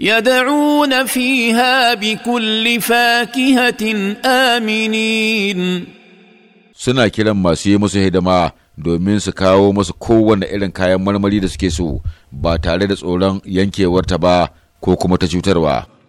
يدعون فيها بكل فاكهة آمنين suna kiran masu yi musu hidima domin su kawo masu kowane irin kayan marmari da suke so ba tare da tsoron yankewarta ba ko kuma ta cutarwa.